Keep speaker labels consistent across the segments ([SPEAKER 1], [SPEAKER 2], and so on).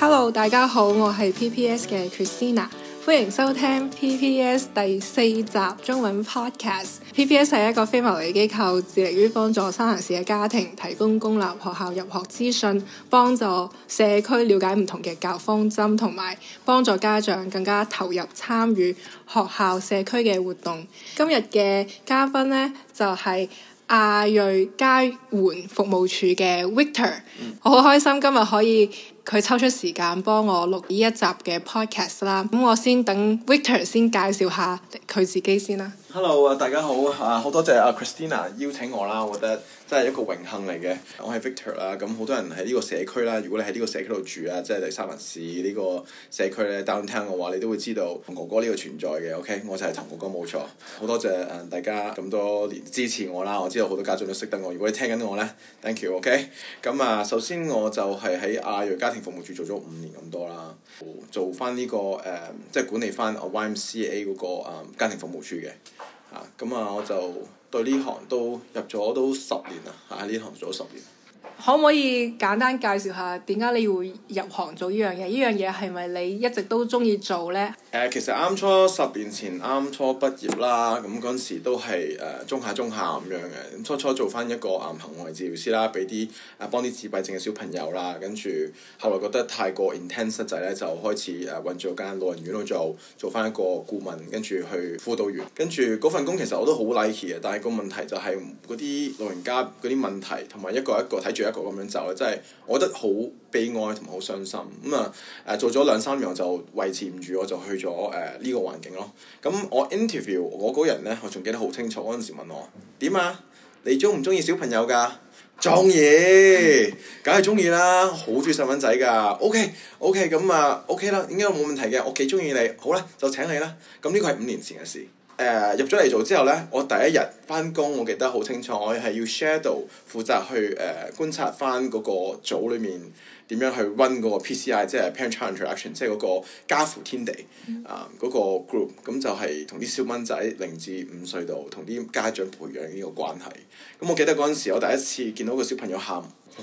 [SPEAKER 1] Hello，大家好，我係 P P S 嘅 Christina，歡迎收聽 P P S 第四集中文 Podcast。P P S 係一個非牟利機構，致力於幫助三藩市嘅家庭提供公立學校入學資訊，幫助社區了解唔同嘅教方針，同埋幫助家長更加投入參與學校社區嘅活動。今日嘅嘉賓呢，就係、是。阿瑞嘉援服務處嘅 Victor，、嗯、我好開心今日可以佢抽出時間幫我錄呢一集嘅 podcast 啦。咁我先等 Victor 先介紹下佢自己先啦。
[SPEAKER 2] Hello 啊，大家好啊，好多謝阿 Christina 邀請我啦，我覺得。真係一個榮幸嚟嘅，我係 Victor 啦、啊，咁、嗯、好多人喺呢個社區啦，如果你喺呢個社區度住啊，即係第三文市呢個社區咧 Downtown 嘅話，你都會知道銅哥哥呢個存在嘅，OK，我就係銅哥哥冇錯，好多謝大家咁多年支持我啦，我知道好多家長都識得我，如果你聽緊我呢 Thank you OK，咁、嗯、啊首先我就係喺亞裔家庭服務處做咗五年咁多啦，做翻呢、這個誒、嗯、即係管理翻 YMCA 嗰、那個、嗯、家庭服務處嘅，嚇、啊，咁、嗯、啊我就。對呢行都入咗都十年啦，喺呢行做咗十年。
[SPEAKER 1] 可唔可以簡單介紹下點解你會入行做呢樣嘢？呢樣嘢係咪你一直都中意做呢？誒、
[SPEAKER 2] 呃，其實啱初十年前啱初畢業啦，咁嗰陣時都係誒、呃、中下中下咁樣嘅。初初做翻一個癌行為治療師啦，俾啲誒幫啲自閉症嘅小朋友啦，跟住後來覺得太過 intense 仔呢，就開始誒揾咗間老人院度做，做翻一個顧問，跟住去輔導員。跟住嗰份工其實我都好 like 嘅，但係個問題就係嗰啲老人家嗰啲問題同埋一個一個睇住。一個咁樣走啊，真係我覺得好悲哀同埋好傷心。咁、嗯、啊，誒、呃、做咗兩三樣就維持唔住，我就去咗誒呢個環境咯。咁、嗯、我 interview 我嗰人呢，我仲記得好清楚。嗰陣時問我點啊？你中唔中意小朋友噶？中意，梗係中意啦，好中意細蚊仔噶。OK，OK，咁啊 OK 啦，應該冇問題嘅。我幾中意你，好啦，就請你啦。咁呢個係五年前嘅事。誒入咗嚟做之後呢，我第一日返工，我記得好清楚，我係要 shadow 負責去誒、呃、觀察返嗰個組裏面點樣去 run 嗰個 PCI，即係 parent-child interaction，即係嗰個家父天地啊嗰、呃那個 group，咁、嗯嗯、就係同啲小蚊仔零至五歲度，同啲家長培養呢個關係。咁、嗯、我記得嗰陣時，我第一次見到個小朋友喊，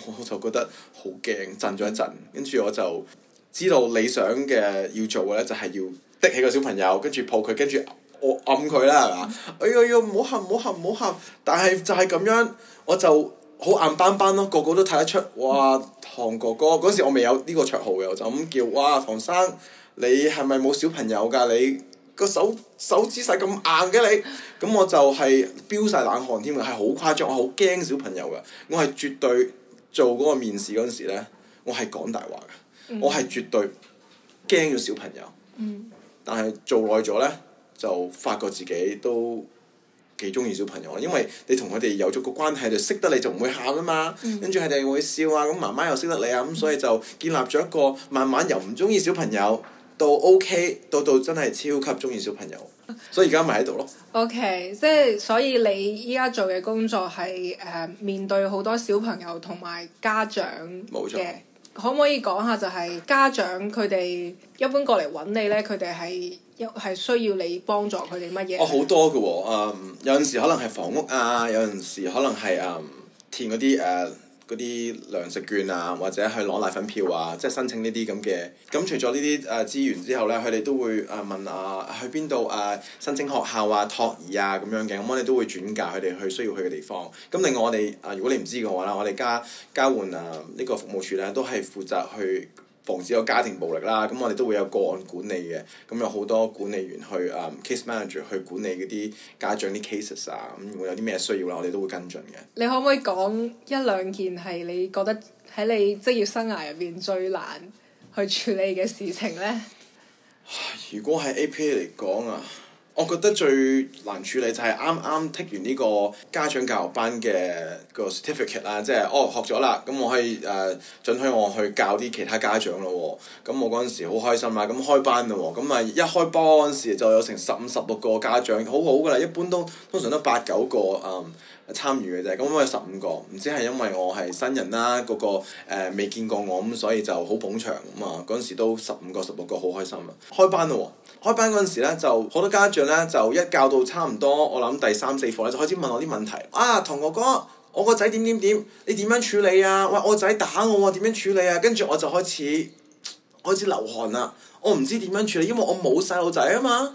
[SPEAKER 2] 我就覺得好驚，震咗一陣，跟住我就知道理想嘅要做嘅呢，就係要的起個小朋友，跟住抱佢，跟住。我揞佢啦，係嘛？哎呀呀、哎！唔好喊，唔好喊，唔好喊！但係就係咁樣，我就好硬邦邦咯，個個都睇得出。哇！唐哥哥嗰時我未有呢個綽號嘅，我就咁叫。哇！唐生，你係咪冇小朋友㗎？你個手手指細咁硬嘅你，咁我就係飆晒冷汗添，係好誇張，我好驚小朋友嘅，我係絕對做嗰個面試嗰陣時咧，我係講大話嘅，我係絕對驚咗小朋友。嗯、但係做耐咗呢。就發覺自己都幾中意小朋友，因為你同佢哋有咗個關係，就識得你就唔會喊㗎嘛。跟住佢哋會笑啊，咁媽媽又識得你啊，咁、嗯、所以就建立咗一個慢慢由唔中意小朋友到 OK，到到真係超級中意小朋友，所以而家咪喺度咯。
[SPEAKER 1] OK，即係所以你依家做嘅工作係誒、呃、面對好多小朋友同埋家長嘅。冇錯，可唔可以講下就係、是、家長佢哋一般過嚟揾你呢，佢哋係？又係需要你幫助
[SPEAKER 2] 佢哋乜嘢？哦，好多嘅喎、嗯，有陣時可能係房屋、嗯、啊，有陣時可能係誒填嗰啲誒嗰啲糧食券啊，或者去攞奶粉票啊，即係申請呢啲咁嘅。咁、啊、除咗呢啲誒資源之後呢，佢哋都會誒問啊，去邊度誒申請學校啊、托兒啊咁樣嘅，咁、啊、我哋都會轉介佢哋去需要去嘅地方。咁、啊、另外我哋誒、啊，如果你唔知嘅話啦，我哋家交換誒、啊、呢、呢個服務處咧，都係負責去。防止有家庭暴力啦，咁我哋都會有個案管理嘅，咁有好多管理員去啊 case manager 去管理嗰啲家長啲 cases 啊，咁有啲咩需要啦，我哋都會跟進嘅。
[SPEAKER 1] 你可唔可以講一兩件係你覺得喺你職業生涯入邊最難去處理嘅事情呢？
[SPEAKER 2] 如果係 APA 嚟講啊～我覺得最難處理就係啱啱剔完呢個家長教育班嘅個 certificate 啦，即係哦學咗啦，咁我可以誒、呃、准許我去教啲其他家長咯咁、哦、我嗰陣時好開心啊，咁開班嘞喎、哦，咁啊一開班嗰時就有成十五十六個家長，好好㗎喇，一般都通常都八九個啊。嗯參與嘅啫，咁我有十五個，唔知係因為我係新人啦，嗰個誒未見過我咁，所以就好捧場咁啊！嗰陣時都十五個、十六個好開心啊！開班咯，開班嗰陣時咧，就好多家長呢，就一教到差唔多，我諗第三四課咧就開始問我啲問題啊！唐哥哥，我個仔點點點，你點樣處理啊？喂，我個仔打我喎，點樣處理啊？跟住我就開始開始流汗啦，我唔知點樣處理，因為我冇細路仔啊嘛。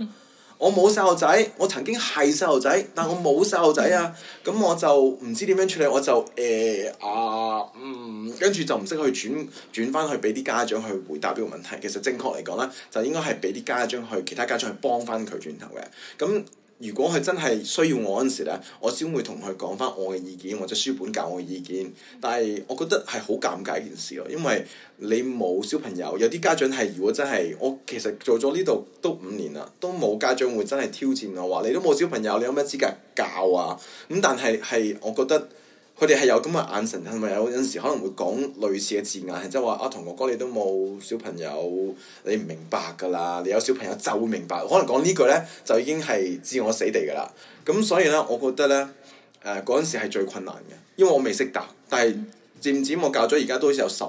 [SPEAKER 2] 我冇細路仔，我曾經係細路仔，但我冇細路仔啊！咁我就唔知點樣處理，我就誒、呃、啊嗯，跟住就唔識去轉轉翻去俾啲家長去回答呢個問題。其實正確嚟講咧，就應該係俾啲家長去其他家長去幫翻佢轉頭嘅。咁。如果佢真係需要我嗰陣時咧，我先會同佢講返我嘅意見或者書本教我嘅意見。但係我覺得係好尷尬一件事咯，因為你冇小朋友，有啲家長係如果真係，我其實做咗呢度都五年啦，都冇家長會真係挑戰我話你都冇小朋友，你有咩資格教啊？咁但係係我覺得。佢哋係有咁嘅眼神，係咪？有有陣時可能會講類似嘅字眼，即係話啊，同哥哥你都冇小朋友，你唔明白噶啦。你有小朋友就會明白，可能講呢句呢就已經係置我死地噶啦。咁所以呢，我覺得呢，誒嗰陣時係最困難嘅，因為我未識答，但係漸漸我教咗而家都好似有十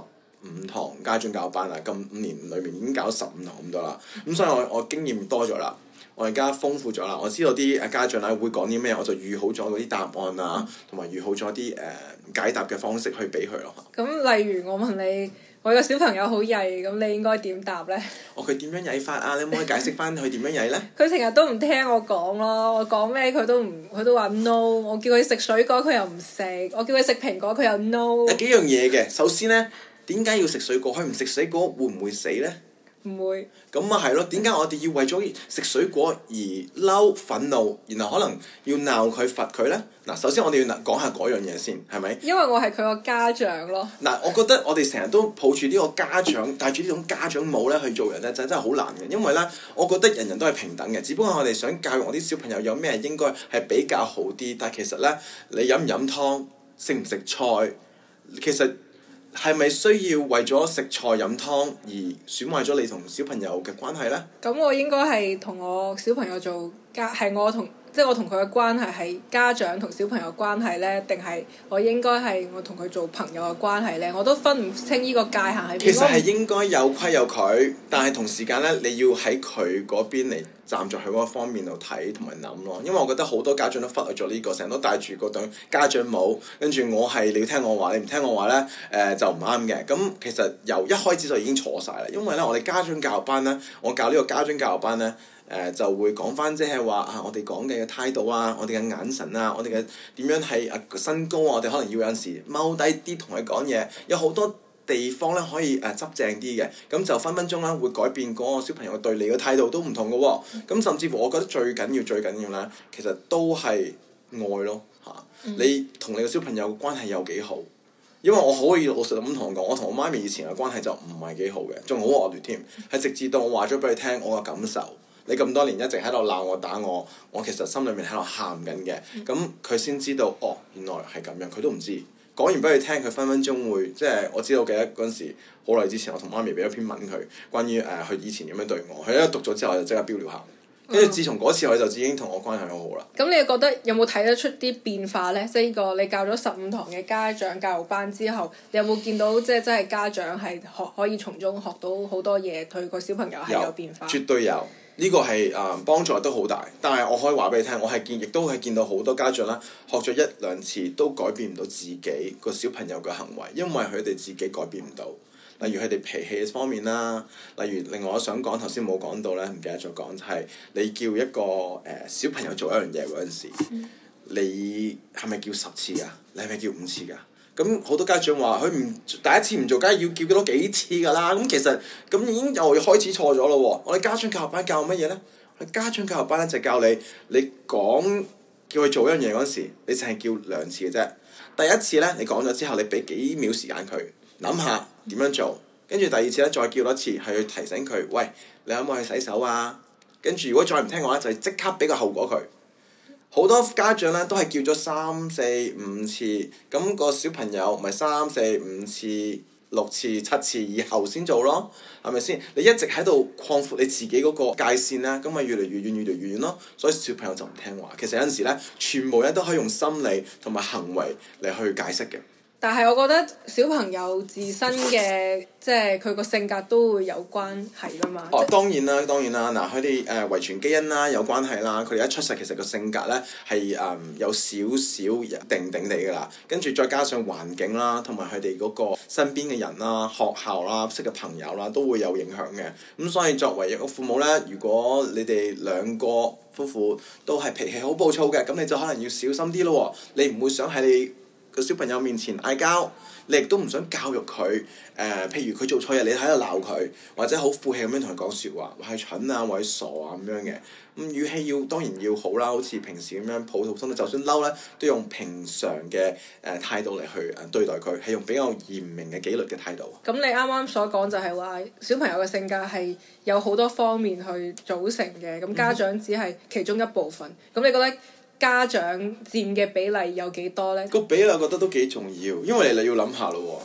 [SPEAKER 2] 五堂家長教班啦，咁五年裏面已經教十五堂咁多啦，咁所以我我經驗多咗啦，我而家豐富咗啦，我知道啲誒家長咧會講啲咩，我就預好咗嗰啲答案啊，同埋預好咗啲誒解答嘅方式去俾佢咯。
[SPEAKER 1] 咁例如我問你，我個小朋友好曳，咁你應該點答呢？
[SPEAKER 2] 哦，佢點樣曳法啊？你可唔可以解釋翻佢點樣曳呢？
[SPEAKER 1] 佢成日都唔聽我講咯，我講咩佢都唔，佢都話 no。我叫佢食水果，佢又唔食；我叫佢食蘋果，佢又 no。有幾
[SPEAKER 2] 樣嘢嘅，首先呢。點解要食水果？佢唔食水果會唔會死呢？唔會。咁咪係咯。點解我哋要為咗食水果而嬲憤怒，然後可能要鬧佢罰佢呢？嗱，首先我哋要嗱講下嗰樣嘢先，係咪？
[SPEAKER 1] 因為我係佢個家長咯。
[SPEAKER 2] 嗱，我覺得我哋成日都抱住呢個家長戴住呢種家長帽咧去做人咧，就真係好難嘅。因為呢，我覺得人人都係平等嘅，只不過我哋想教育我啲小朋友有咩應該係比較好啲，但其實呢，你飲唔飲湯，食唔食菜，其實。係咪需要為咗食菜飲湯而損壞咗你同小朋友嘅關係呢？
[SPEAKER 1] 咁我應該係同我小朋友做家係我同。即係我同佢嘅關係係家長同小朋友關係呢？定係我應該係我同佢做朋友嘅關係呢？我都分唔清呢個界限喺邊。其實係
[SPEAKER 2] 應該有規有矩，但係同時間呢，你要喺佢嗰邊嚟站在佢嗰方面度睇同埋諗咯。因為我覺得好多家長都忽略咗呢、這個，成日都帶住個對家長帽，跟住我係你要聽我話，你唔聽我話呢，誒、呃、就唔啱嘅。咁、嗯、其實由一開始就已經錯晒啦。因為呢，我哋家長教育班呢，我教呢個家長教育班呢。誒、呃、就會講翻即係話啊！我哋講嘅嘅態度啊，我哋嘅眼神啊，我哋嘅點樣係啊身高啊，我哋可能要有陣時踎低啲同佢講嘢，有好多地方咧可以誒、啊、執正啲嘅。咁就分分鐘咧會改變嗰個小朋友對你嘅態度都唔同嘅喎、哦。咁甚至乎我覺得最緊要最緊要咧，其實都係愛咯嚇。啊嗯、你同你嘅小朋友關係有幾好？因為我可以老實咁同你講，我同我媽咪以前嘅關係就唔係幾好嘅，仲好惡劣添。係、嗯、直至到我話咗俾你聽我嘅感，感受。你咁多年一直喺度鬧我打我，我其實心裏面喺度喊緊嘅。咁佢先知道哦，原來係咁樣。佢都唔知講完俾佢聽，佢分分鐘會即係、就是、我知道記得嗰陣時好耐之前，我同媽咪俾咗篇文佢，關於誒佢、呃、以前點樣對我。佢一讀咗之後就即刻飆了下。跟住自從嗰次佢就已經同我關係好好啦。
[SPEAKER 1] 咁、嗯、你覺得有冇睇得出啲變化呢？即係呢個你教咗十五堂嘅家長教育班之後，有冇見到即係、就是、真係家長係可可以從中學到好多嘢，對個小朋友係有變化有？絕
[SPEAKER 2] 對有。呢個係啊、嗯、幫助都好大，但係我可以話俾你聽，我係見亦都係見到好多家長啦，學咗一兩次都改變唔到自己個小朋友嘅行為，因為佢哋自己改變唔到。例如佢哋脾氣方面啦，例如另外我想講，頭先冇講到呢，唔記得再講，就係、是、你叫一個誒、呃、小朋友做一樣嘢嗰陣時，你係咪叫十次啊？你係咪叫五次㗎？咁好多家長話佢唔第一次唔做，梗係要叫多幾次㗎啦。咁其實咁已經又開始錯咗咯喎。我哋家長教學班教乜嘢呢？我哋家長教學班咧就教你，你講叫佢做一樣嘢嗰陣時，你淨係叫兩次嘅啫。第一次呢，你講咗之後，你俾幾秒時間佢諗下點樣做，跟住第二次呢，再叫多一次係去提醒佢，喂，你可唔可以洗手啊？跟住如果再唔聽嘅話，就即刻俾個後果佢。好多家長呢都係叫咗三四五次，咁個小朋友咪三四五次、六次、七次以後先做咯，係咪先？你一直喺度擴闊你自己嗰個界線啦，咁咪越嚟越遠，越嚟越遠咯。所以小朋友就唔聽話。其實有陣時呢，全部人都可以用心理同埋行為嚟去解釋嘅。
[SPEAKER 1] 但係，我覺得小朋友自身嘅即係佢個性格都會有關係噶
[SPEAKER 2] 嘛。哦、即係當，當然啦，當然啦。嗱、呃，佢哋誒遺傳基因啦有關係啦，佢哋一出世其實個性格呢係誒、呃、有少少定定地噶啦。跟住再加上環境啦，同埋佢哋嗰個身邊嘅人啦、學校啦、識嘅朋友啦，都會有影響嘅。咁所以作為一個父母呢，如果你哋兩個夫婦都係脾氣好暴躁嘅，咁你就可能要小心啲咯。你唔會想喺你個小朋友面前嗌交，你亦都唔想教育佢。誒、呃，譬如佢做錯嘢，你喺度鬧佢，或者好負氣咁樣同佢講説話，話佢蠢啊，或者傻啊咁樣嘅。咁、嗯、語氣要當然要好啦，好似平時咁樣普通普通。就算嬲咧，都用平常嘅誒、呃、態度嚟去嗯對待佢，係用比較嚴明嘅紀律嘅態度。
[SPEAKER 1] 咁你啱啱所講就係話，小朋友嘅性格係有好多方面去組成嘅，咁家長只係其中一部分。咁、嗯、你覺得？家長
[SPEAKER 2] 佔嘅比例有幾多呢？個比例我覺得都幾重要，因為你要諗下咯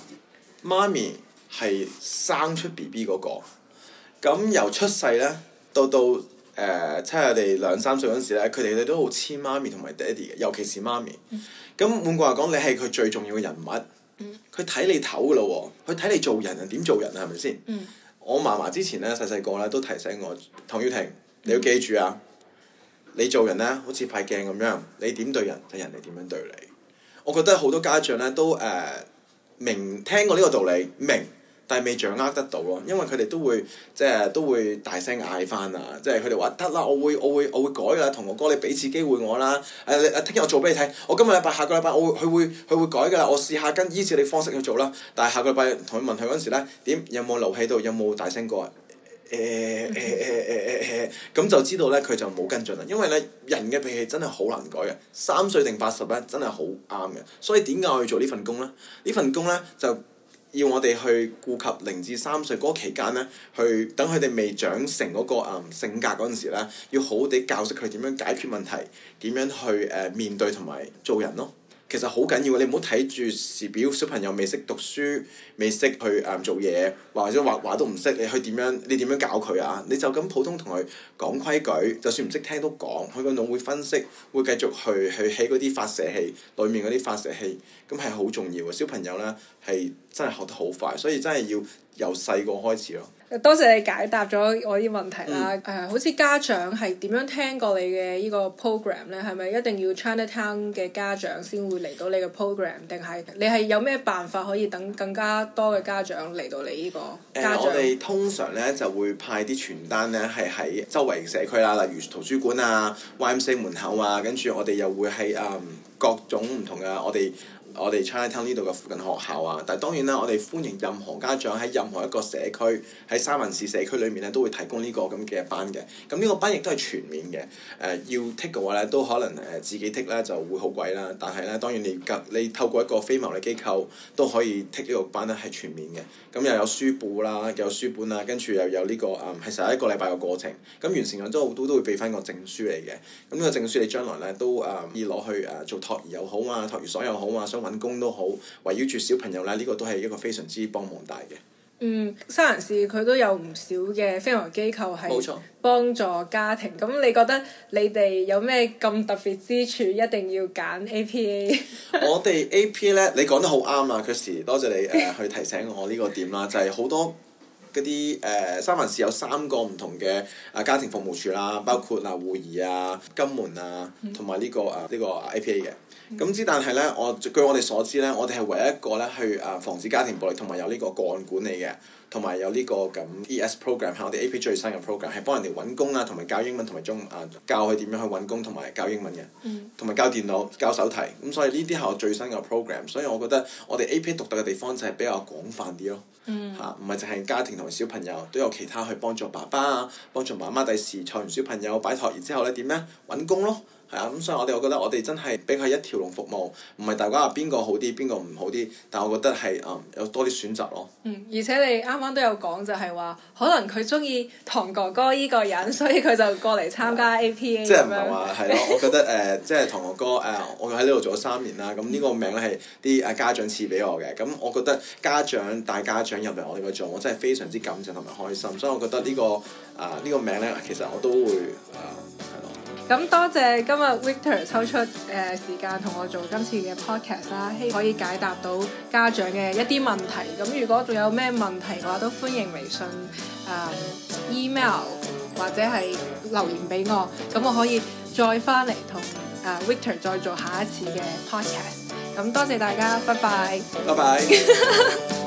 [SPEAKER 2] 喎，媽咪係生出 B B 嗰個，咁由出世呢，到到誒，即係我哋兩三歲嗰陣時咧，佢哋都都好黐媽咪同埋爹哋嘅，尤其是媽咪。咁、嗯、換句話講，你係佢最重要嘅人物，佢睇、嗯、你頭噶咯喎，佢睇你做人啊，點做人啊係咪先？是是嗯、我嫲嫲之前呢，細細個呢，都提醒我，唐曉婷你要記住啊！嗯你做人咧，好似派鏡咁樣，你點對人，睇人哋點樣對你。我覺得好多家長呢都誒、呃、明聽過呢個道理，明，但係未掌握得到咯。因為佢哋都會即係都會大聲嗌翻啊，即係佢哋話得啦，我會我會我會改噶啦，同我講你俾次機會我啦。誒、呃、誒，聽日我做俾你睇，我今日禮拜下個禮拜我會佢會佢會、佢會改噶啦，我試下跟依照你方式去做啦。但係下個禮拜同佢問佢嗰陣時呢，點有冇留喺度，有冇大聲過？誒誒誒誒誒咁就知道呢，佢就冇跟進啦。因為呢，人嘅脾氣真係好難改嘅。三歲定八十呢，真係好啱嘅。所以點解我要做呢份工呢？呢份工呢，就要我哋去顧及零至三歲嗰期間呢，去等佢哋未長成嗰個、啊、性格嗰陣時咧，要好好地教識佢點樣解決問題，點樣去誒、呃、面對同埋做人咯。其實好緊要喎，你唔好睇住時表，小朋友未識讀書，未識去誒、嗯、做嘢，或者畫畫都唔識，你去點樣？你點樣教佢啊？你就咁普通同佢講規矩，就算唔識聽都講，佢個腦會分析，會繼續去去起嗰啲發射器裏面嗰啲發射器，咁係好重要喎。小朋友呢係真係學得好快，所以真係要由細個開始咯。
[SPEAKER 1] 多謝你解答咗我啲問題啦。誒、嗯呃，好似家長係點樣聽過你嘅呢個 program 呢？係咪一定要 China Town 嘅家長先會嚟到你嘅 program？定係你係有咩辦法可以等更加多嘅家長嚟到你呢個家長？誒、嗯，我哋
[SPEAKER 2] 通常呢就會派啲傳單呢，係喺周圍社區啦，例如圖書館啊、YMCA 門口啊，跟住我哋又會喺誒、嗯、各種唔同嘅我哋。我哋 China Town 呢度嘅附近學校啊，但係當然啦，我哋歡迎任何家長喺任何一個社區，喺三藩市社區裏面咧，都會提供呢個咁嘅班嘅。咁、嗯、呢、這個班亦都係全面嘅。誒、呃、要剔嘅話咧，都可能誒、呃、自己剔咧就會好貴啦。但係咧，當然你夾你透過一個非牟利機構都可以剔呢個班咧係全面嘅。咁、嗯、又有書簿啦，又有書本啦，跟住又有呢、這個誒係成一個禮拜嘅過程。咁、嗯嗯、完成咗之後都都會俾翻個證書嚟嘅。咁、嗯、呢、這個證書你將來咧都誒、嗯、可以攞去誒做托兒又好啊，托兒所又好啊。揾工都好，圍繞住小朋友啦，呢、這個都係一個非常之幫忙大嘅。
[SPEAKER 1] 嗯，三藩市佢都有唔少嘅非營機構係幫錯助家庭。咁你覺得你哋有咩咁特別之處，一定要揀 APA？ 我
[SPEAKER 2] 哋 APA 咧，你講得好啱啊！Chris，多謝你誒、uh, 去提醒我呢個點啦， 就係好多嗰啲誒三藩市有三個唔同嘅啊家庭服務處啦，嗯、包括、uh, 啊護兒啊金門啊，同埋呢個啊呢、uh, 個 APA 嘅。咁之、嗯、但係咧，我據我哋所知咧，我哋係唯一一個咧去啊防止家庭暴力同埋有呢個個案管理嘅，同埋有呢、呢個咁 ES program 係我哋 AP 最新嘅 program，係幫人哋揾工啊，同埋教英文同埋中啊教佢點樣去揾工同埋教英文嘅，同埋、嗯、教電腦教手提，咁所以呢啲係我最新嘅 program，所以我覺得我哋 AP 獨特嘅地方就係比較廣泛啲
[SPEAKER 1] 咯，嚇
[SPEAKER 2] 唔係淨係家庭同小朋友都有其他去幫助爸爸啊，幫助媽媽第時湊完小朋友擺托，然之後咧點咧揾工咯。係啊，咁、嗯、所以我哋，我覺得我哋真係俾佢一條龍服務，唔係大家話邊個好啲，邊個唔好啲，但我覺得係誒、嗯、有多啲選擇咯。嗯，
[SPEAKER 1] 而且你啱啱都有講就係話，可能佢中意唐哥哥依個人，所以佢就過嚟參加、AP、A P A 即係唔係話係咯，我
[SPEAKER 2] 覺得誒，即係唐哥哥誒、呃，我喺呢度做咗三年啦，咁、嗯、呢 個名咧係啲阿家長賜俾我嘅，咁我覺得家長帶家長入嚟我哋個場，我真係非常之感謝同埋開心，所以我覺得呢、這個啊呢、呃這個名咧，其實我都會誒係咯。
[SPEAKER 1] 呃咁多謝今日 Victor 抽出誒時間同我做今次嘅 podcast 啦，希可以解答到家長嘅一啲問題。咁如果仲有咩問題嘅話，都歡迎微信、呃、email 或者係留言俾我。咁我可以再翻嚟同啊 Victor 再做下一次嘅 podcast。咁多謝大家，拜拜，
[SPEAKER 2] 拜拜。